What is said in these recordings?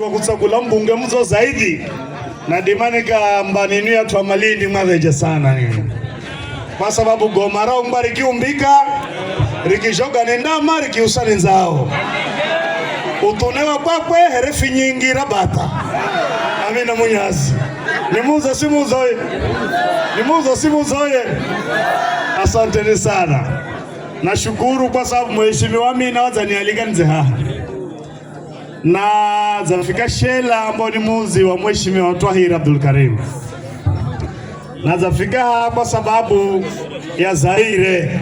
wa kuchagula mbunge mzo zaidi na dimanika mbaninu yatwa ni mwaveje sana nini kwa sababu gomara umba riki umbika riki joga nenda rikishoga riki usani nzao utunewa kwa kwe herifi nyingi rabata amina munyazi nimuza simuzoye nimuza asante ni sana nashukuru kwa sababu mheshimiwa mimi nawaza nialiganize haha na zafika shela ambao ni muzi wa Mheshimiwa Twahir Abdul Karim, na zafika kwa sababu ya Zaire.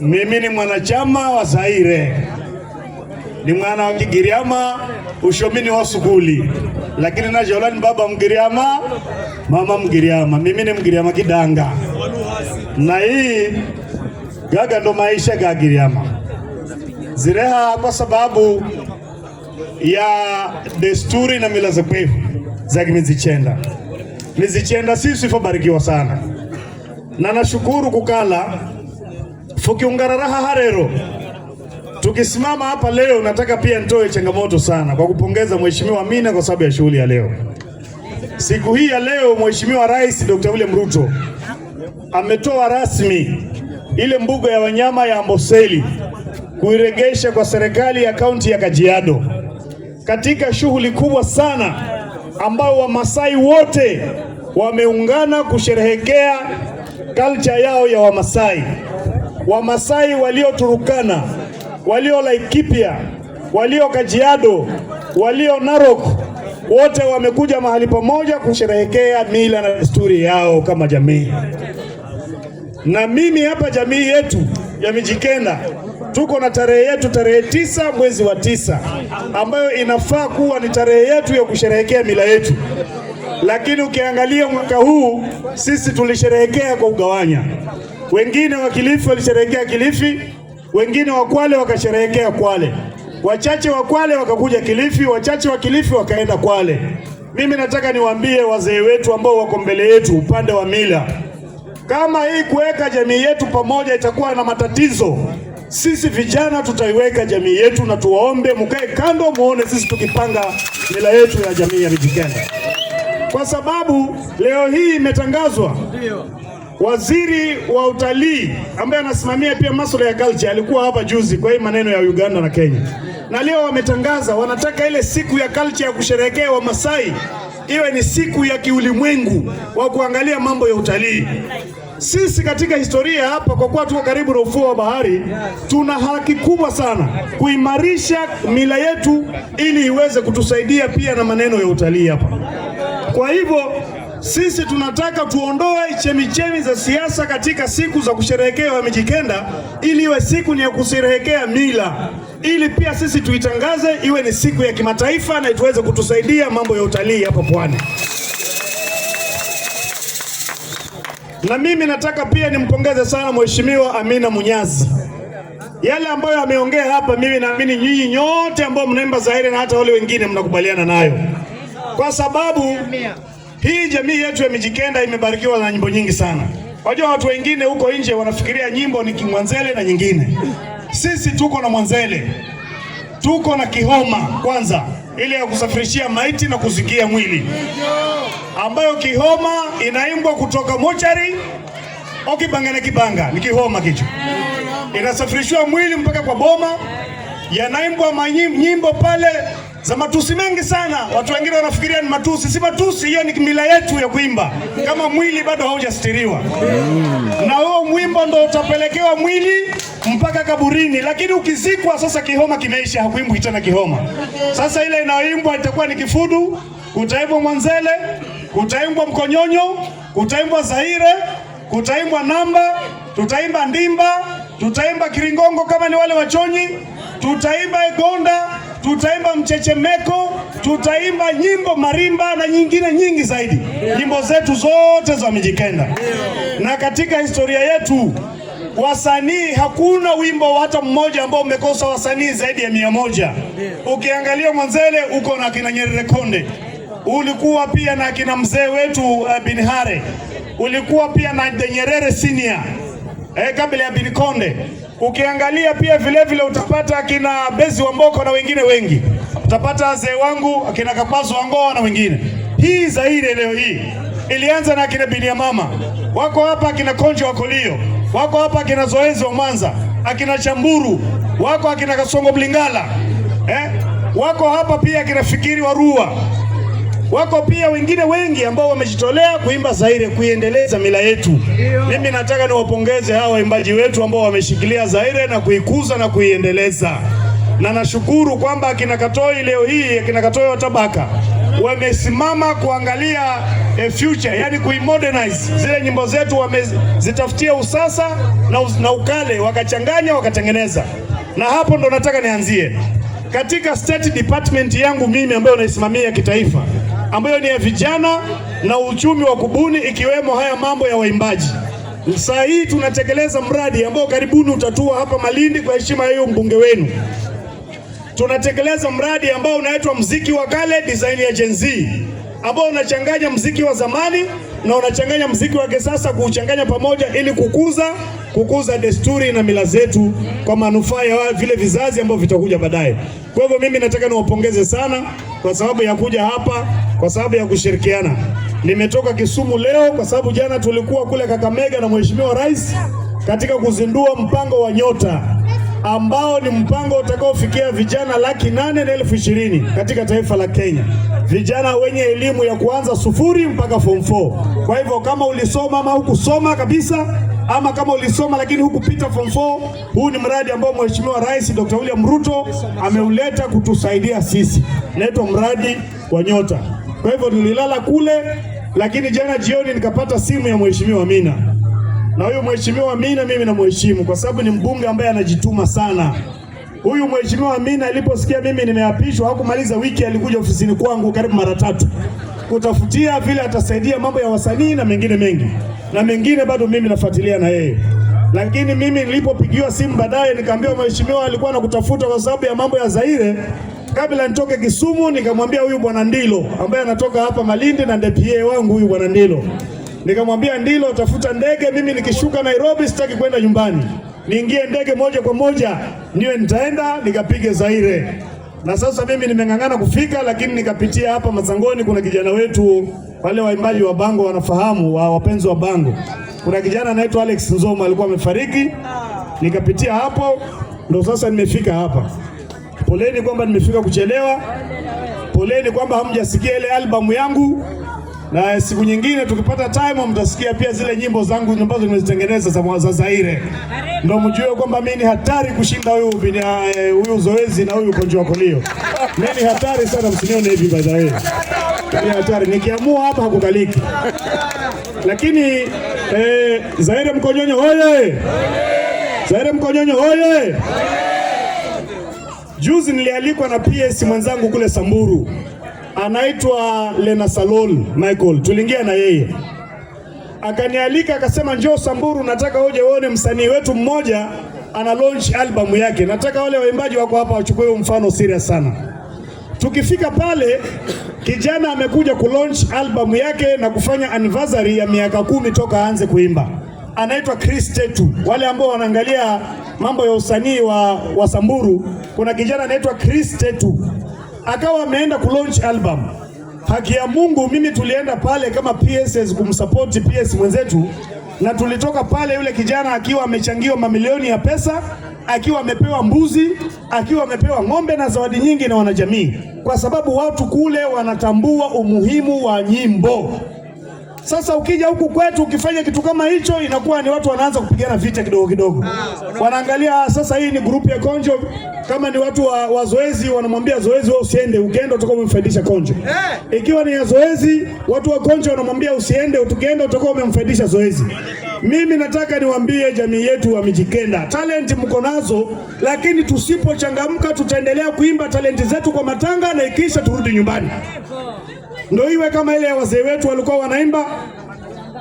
Mimi ni mwanachama wa Zaire, ni mwana wa Kigiriama, ushomini wa sukuli, lakini na ni baba Mgiriama, mama Mgiriama. Mimi ni Mgiriama kidanga, na hii gaga ndo maisha ga zireha kwa sababu ya desturi na mila za kwetu za kimizichenda Mizichenda sisi fabarikiwa sana na nashukuru kukala fukiungararaha harero tukisimama hapa leo. Nataka pia nitoe changamoto sana kwa kupongeza Mheshimiwa Amina kwa sababu ya shughuli ya leo. Siku hii ya leo Mheshimiwa Rais Dr. William Ruto ametoa rasmi ile mbuga ya wanyama ya Amboseli kuiregesha kwa serikali ya kaunti ya Kajiado katika shughuli kubwa sana ambao Wamasai wote wameungana kusherehekea kalcha yao ya Wamasai. Wamasai walio Turukana, walio Laikipia, walio Kajiado, walio Narok wote wamekuja mahali pamoja kusherehekea mila na desturi yao kama jamii. Na mimi hapa jamii yetu ya Mijikenda tuko na tarehe yetu tarehe tisa mwezi wa tisa ambayo inafaa kuwa ni tarehe yetu ya kusherehekea mila yetu, lakini ukiangalia mwaka huu sisi tulisherehekea kwa ugawanya Wengine wa Kilifi walisherehekea Kilifi, wengine wa Kwale wakasherehekea Kwale, wachache wa Kwale wakakuja Kilifi, wachache wa Kilifi wakaenda Kwale. Mimi nataka niwaambie wazee wetu ambao wako mbele yetu upande wa mila, kama hii kuweka jamii yetu pamoja itakuwa na matatizo sisi vijana tutaiweka jamii yetu, na tuwaombe mkae kando, muone sisi tukipanga mila yetu ya jamii ya Mijikenda, kwa sababu leo hii imetangazwa waziri wa utalii ambaye anasimamia pia masuala ya culture alikuwa hapa juzi kwa hii maneno ya Uganda na Kenya, na leo wametangaza wanataka ile siku ya culture ya kusherehekea Wamasai iwe ni siku ya kiulimwengu wa kuangalia mambo ya utalii sisi katika historia hapa, kwa kuwa tuko karibu na ufuo wa bahari, tuna haki kubwa sana kuimarisha mila yetu ili iweze kutusaidia pia na maneno ya utalii hapa. Kwa hivyo sisi tunataka tuondoe chemichemi za siasa katika siku za kusherehekea Wamijikenda, ili iwe siku ni ya kusherehekea mila, ili pia sisi tuitangaze iwe ni siku ya kimataifa na tuweze kutusaidia mambo ya utalii hapa pwani. Na mimi nataka pia nimpongeze sana Mheshimiwa Amina Munyazi, yale ambayo ameongea hapa, mimi naamini nyinyi nyote ambao mnaimba Zaire na hata wale wengine mnakubaliana nayo, kwa sababu hii jamii yetu ya Mijikenda imebarikiwa na nyimbo nyingi sana. Wajua watu wengine huko nje wanafikiria nyimbo ni Kimwanzele na nyingine, sisi tuko na Mwanzele, tuko na Kihoma kwanza ile ya kusafirishia maiti na kuzikia mwili, ambayo kihoma inaimbwa kutoka mochari okibanga na kibanga ni kihoma kicho, inasafirishiwa mwili mpaka kwa boma, yanaimbwa manyimbo pale za matusi mengi sana. Watu wengine wanafikiria ni matusi, si matusi, hiyo ni mila yetu ya kuimba kama mwili bado haujastiriwa, mm. na huo mwimbo ndo utapelekewa mwili mpaka kaburini, lakini ukizikwa sasa kihoma kimeisha, hakuimbwi tena kihoma. Sasa ile inayoimbwa itakuwa ni kifudu, kutaimbwa mwanzele, kutaimbwa mkonyonyo, kutaimbwa zaire, kutaimbwa namba, tutaimba ndimba, tutaimba kiringongo kama ni wale wachonyi, tutaimba egonda, tutaimba mchechemeko, tutaimba nyimbo marimba na nyingine nyingi zaidi, nyimbo zetu zote za Mijikenda. Na katika historia yetu wasanii, hakuna wimbo hata mmoja ambao umekosa wasanii zaidi ya mia moja. Ukiangalia Mwanzele uko na kina Nyerere Konde, ulikuwa pia na kina mzee wetu uh, eh, Binhare, ulikuwa pia na Nyerere Senior eh, kabla ya Binkonde. Konde. Ukiangalia pia vilevile vile utapata akina Bezi Wamboko na wengine wengi, utapata wazee wangu akina Kapazo Wangoa na wengine. Hii Zaire leo hii ilianza na akina Binia Mama, wako hapa akina Konje Wakolio wako hapa akina Zoezi wa Mwanza, akina Chamburu wako, akina Kasongo blingala eh? wako hapa pia akina Fikiri Warua wako pia wengine wengi ambao wamejitolea kuimba Zaire kuiendeleza mila yetu. Mimi nataka niwapongeze hawa waimbaji wetu ambao wameshikilia Zaire na kuikuza na kuiendeleza, na nashukuru kwamba akina Katoi leo hii akina Katoi wa Tabaka wamesimama kuangalia a eh, future, yani kuimodernize zile nyimbo zetu, wamezitafutia usasa na, na ukale wakachanganya wakatengeneza, na hapo ndo nataka nianzie katika state department yangu mimi ambayo naisimamia kitaifa, ambayo ni ya vijana na uchumi wa kubuni, ikiwemo haya mambo ya waimbaji. Saa hii tunatekeleza mradi ambao karibuni utatua hapa Malindi, kwa heshima ya hiyo mbunge wenu tunatekeleza mradi ambao unaitwa mziki wa kale design ya Gen Z, ambao unachanganya mziki wa zamani na unachanganya mziki wa kisasa, kuuchanganya pamoja ili kukuza kukuza desturi na mila zetu kwa manufaa ya vile vizazi ambavyo vitakuja baadaye. Kwa hivyo mimi nataka niwapongeze sana kwa sababu ya kuja hapa, kwa sababu ya kushirikiana. Nimetoka Kisumu leo kwa sababu jana tulikuwa kule Kakamega na Mheshimiwa Rais katika kuzindua mpango wa Nyota ambao ni mpango utakaofikia vijana laki nane na elfu ishirini katika taifa la Kenya, vijana wenye elimu ya kuanza sufuri mpaka form 4. Kwa hivyo kama ulisoma ama hukusoma kabisa ama kama ulisoma lakini hukupita form 4, huu ni mradi ambao Mheshimiwa Rais Dr. William Ruto ameuleta kutusaidia sisi, naitwa mradi wa Nyota. Kwa hivyo nililala kule, lakini jana jioni nikapata simu ya Mheshimiwa Amina na huyu mheshimiwa Amina, mimi namheshimu kwa sababu ni mbunge ambaye anajituma sana. Huyu mheshimiwa Amina aliposikia mimi nimeapishwa, hakumaliza wiki, alikuja ofisini kwangu karibu mara tatu kutafutia vile atasaidia mambo ya wasanii na mengine mengi na mengine, bado mimi nafuatilia na yeye lakini mimi nilipopigiwa simu baadaye nikamwambia mheshimiwa alikuwa anakutafuta kwa sababu ya mambo ya Zaire. Kabla nitoke Kisumu, nikamwambia huyu bwana Ndilo ambaye anatoka hapa Malindi na ndiye wangu huyu bwana Ndilo Nikamwambia ndilo, tafuta ndege, mimi nikishuka Nairobi sitaki kwenda nyumbani, niingie ndege moja kwa moja niwe nitaenda nikapige Zaire. Na sasa mimi nimeng'ang'ana kufika, lakini nikapitia hapa Mazangoni, kuna kijana wetu, wale waimbaji wa bango wanafahamu, wa wapenzi wa bango, kuna kijana anaitwa Alex Nzoma alikuwa amefariki, nikapitia hapo, ndo sasa nimefika hapa. Poleni kwamba nimefika kuchelewa, poleni kwamba hamjasikia ile albamu yangu na siku nyingine tukipata time mtasikia pia zile nyimbo zangu ambazo nimezitengeneza za Zaire, ndio mjue kwamba mimi ni hatari kushinda huyu eh, huyu zoezi na huyu ugonjwa wako leo. Mimi ni hatari sana, msinione hivi by the way. Ni hatari, nikiamua hapa hakukaliki. Lakini eh, Zaire Mkonyonyo hoye! Zaire Mkonyonyo hoye! Juzi nilialikwa na PS mwenzangu kule Samburu anaitwa Lena Salol Michael, tuliingia na yeye akanialika akasema, njoo Samburu, nataka uje uone msanii wetu mmoja ana launch albamu yake. Nataka wale waimbaji wako hapa wachukue huo mfano serious sana. Tukifika pale, kijana amekuja ku launch albamu yake na kufanya anniversary ya miaka kumi toka aanze kuimba. Anaitwa Chris Tetu. Wale ambao wanaangalia mambo ya usanii wa, wa Samburu, kuna kijana anaitwa Chris Tetu akawa ameenda launch album. Haki ya Mungu, mimi tulienda pale kama PSS kumsupport PS mwenzetu, na tulitoka pale yule kijana akiwa amechangiwa mamilioni ya pesa, akiwa amepewa mbuzi, akiwa amepewa ng'ombe na zawadi nyingi na wanajamii, kwa sababu watu kule wanatambua umuhimu wa nyimbo. Sasa ukija huku kwetu ukifanya kitu kama hicho, inakuwa ni watu wanaanza kupigana vita kidogo kidogo, ah, wanaangalia ah, sasa, hii ni grupu ya Konjo. Kama ni watu wa, wa zoezi, wanamwambia zoezi, wewe usiende, ukienda utakuwa umemfaidisha Konjo. Eh. Ikiwa ni ya zoezi, watu wa Konjo wanamwambia usiende, ukienda utakuwa umemfaidisha zoezi. Mimi nataka niwaambie jamii yetu wa Mijikenda, talenti mko nazo, lakini tusipochangamka tutaendelea kuimba talenti zetu kwa matanga na ikisha turudi nyumbani. Ndio iwe kama ile ya wazee wetu walikuwa wanaimba,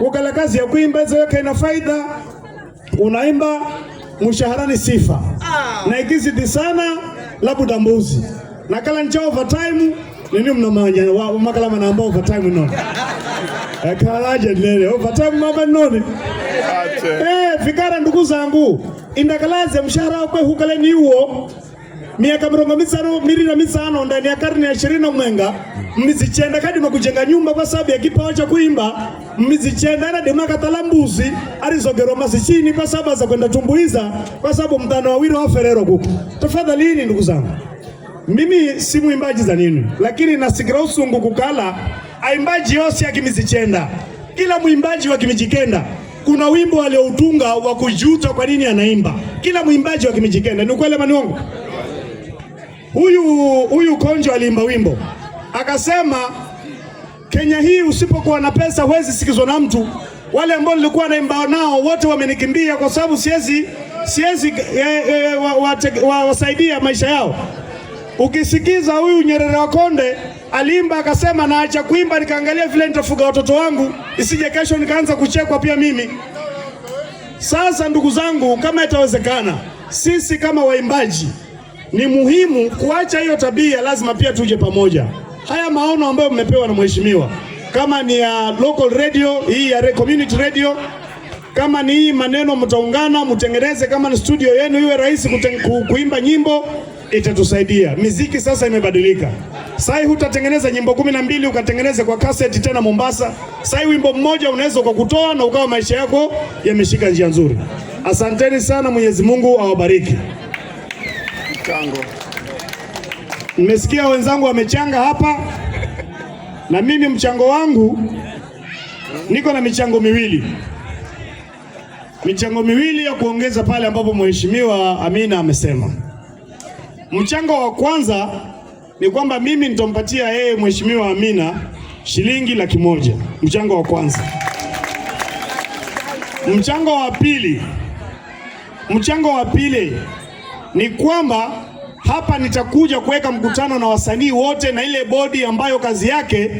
ukala kazi ya kuimba ziweka ina faida, unaimba mshaharani sifa, ah. na ikizidi sana labuda mbuzi, na kala ncha overtime nini, mnamanya wa makala manaamba overtime no akalaje lele overtime mama noni eh fikara, ndugu zangu, indakalaze mshahara wako hukaleni huo miaka mirongo misano miri na misano ndani ya karne ya ishirini na mwenga mmizichenda kadi makujenga nyumba kwa sababu ya kipawa cha kuimba mmizichenda anadima katalambuzi alizogerwa masichini kwa sababu za kwenda tumbuiza kwa sababu mtano wawili waferero kuku tafadhali hili ndugu zangu mimi si mwimbaji za nini lakini nasikira usungu kukala aimbaji ya akimizichenda kila mwimbaji wa kimijikenda kuna wimbo alioutunga wa kujuta kwa nini anaimba kila mwimbaji wa kimijikenda ni ukweli maniongo huyu huyu Konjo aliimba wimbo akasema, Kenya hii usipokuwa na pesa huwezi sikizwa na mtu. Wale ambao nilikuwa naimba nao wote wamenikimbia kwa sababu siwezi siwezi e, eh, wasaidia eh, wa, wa, wa, wasaidia maisha yao. Ukisikiza huyu Nyerere wa Konde aliimba akasema, naacha kuimba nikaangalia vile nitafuga watoto wangu, isije kesho nikaanza kuchekwa pia mimi. Sasa ndugu zangu, kama itawezekana, sisi kama waimbaji ni muhimu kuacha hiyo tabia, lazima pia tuje pamoja. Haya maono ambayo mmepewa na mheshimiwa, kama ni ya local radio hii ya community radio, kama ni hii maneno, mtaungana mtengeneze, kama ni studio yenu iwe rahisi kuimba nyimbo, itatusaidia. Miziki sasa imebadilika. Sai hutatengeneza nyimbo kumi na mbili ukatengeneze kwa kaseti tena Mombasa. Sai wimbo mmoja unaweza ukakutoa na ukawa maisha yako yameshika njia nzuri. Asanteni sana, Mwenyezi Mungu awabariki mchango. Nimesikia wenzangu wamechanga hapa, na mimi mchango wangu niko na michango miwili, michango miwili ya kuongeza pale ambapo mheshimiwa Amina amesema. Mchango wa kwanza ni kwamba mimi nitampatia yeye mheshimiwa Amina shilingi laki moja, mchango wa kwanza. Mchango wa pili, mchango wa pili ni kwamba hapa nitakuja kuweka mkutano na wasanii wote na ile bodi ambayo kazi yake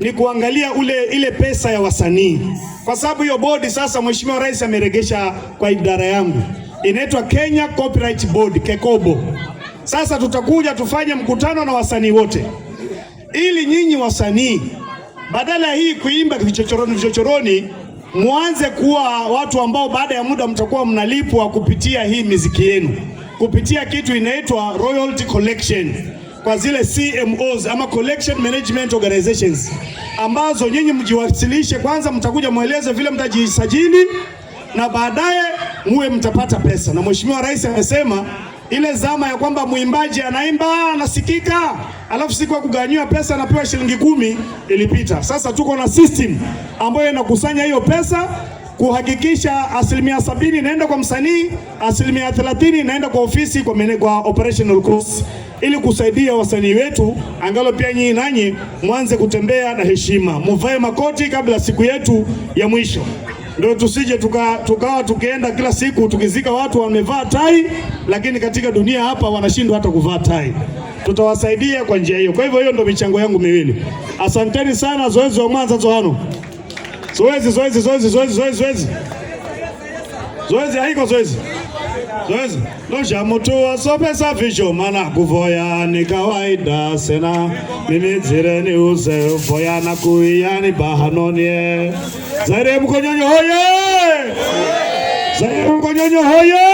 ni kuangalia ule ile pesa ya wasanii, kwa sababu hiyo bodi sasa Mheshimiwa Rais ameregesha kwa idara yangu, inaitwa Kenya Copyright Board Kekobo. Sasa tutakuja tufanye mkutano na wasanii wote, ili nyinyi wasanii badala ya hii kuimba vichochoroni vichochoroni, mwanze kuwa watu ambao baada ya muda mtakuwa mnalipwa kupitia hii miziki yenu kupitia kitu inaitwa royalty collection kwa zile CMOs ama collection management organizations ambazo nyinyi mjiwasilishe kwanza, mtakuja mweleze vile mtajisajili na baadaye muwe mtapata pesa. Na Mheshimiwa Rais amesema ile zama ya kwamba mwimbaji anaimba anasikika, alafu siku ya kugawanyiwa pesa anapewa shilingi kumi ilipita. Sasa tuko na system ambayo inakusanya hiyo pesa kuhakikisha asilimia sabini inaenda kwa msanii, asilimia thelathini inaenda kwa ofisi kwa, mene, kwa operational cost, ili kusaidia wasanii wetu, angalo pia nyinyi nanyi mwanze kutembea na heshima, muvae makoti kabla siku yetu ya mwisho, ndio tusije tukawa tuka, tukienda kila siku tukizika watu wamevaa tai, lakini katika dunia hapa wanashindwa hata kuvaa tai tutawasaidia kwa njia hiyo. Kwa hivyo hiyo ndio michango yangu miwili. Asanteni sana, zoezi wa Mwanza zoano Zoezi, zoezi, zoezi, zoezi, zoezi, zoezi. Zoezi haiko zoezi. Zoezi. Losha mtu asope safisho maana kuvoya ni kawaida sena. Mimi zire ni use voya na kuia ni bahanonie. Zaire mkonyonyo hoye. Zaire mkonyonyo hoye.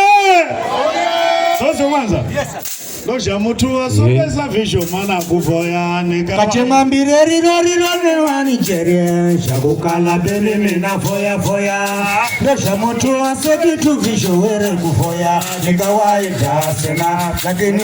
Zoezi kwanza. Yes sir loja mutu wasombesa visho mwana kuvoyanika kachimwambire riro riro newanicherie shakukala peni minafoyafoya loja mutu wasekitu visho were kufoya nikawaita sena lakini